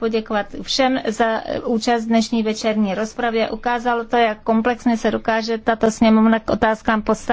poděkovat všem za účast v dnešní večerní rozpravě. Ukázalo to, jak komplexně se dokáže tato sněmovna k otázkám postavit.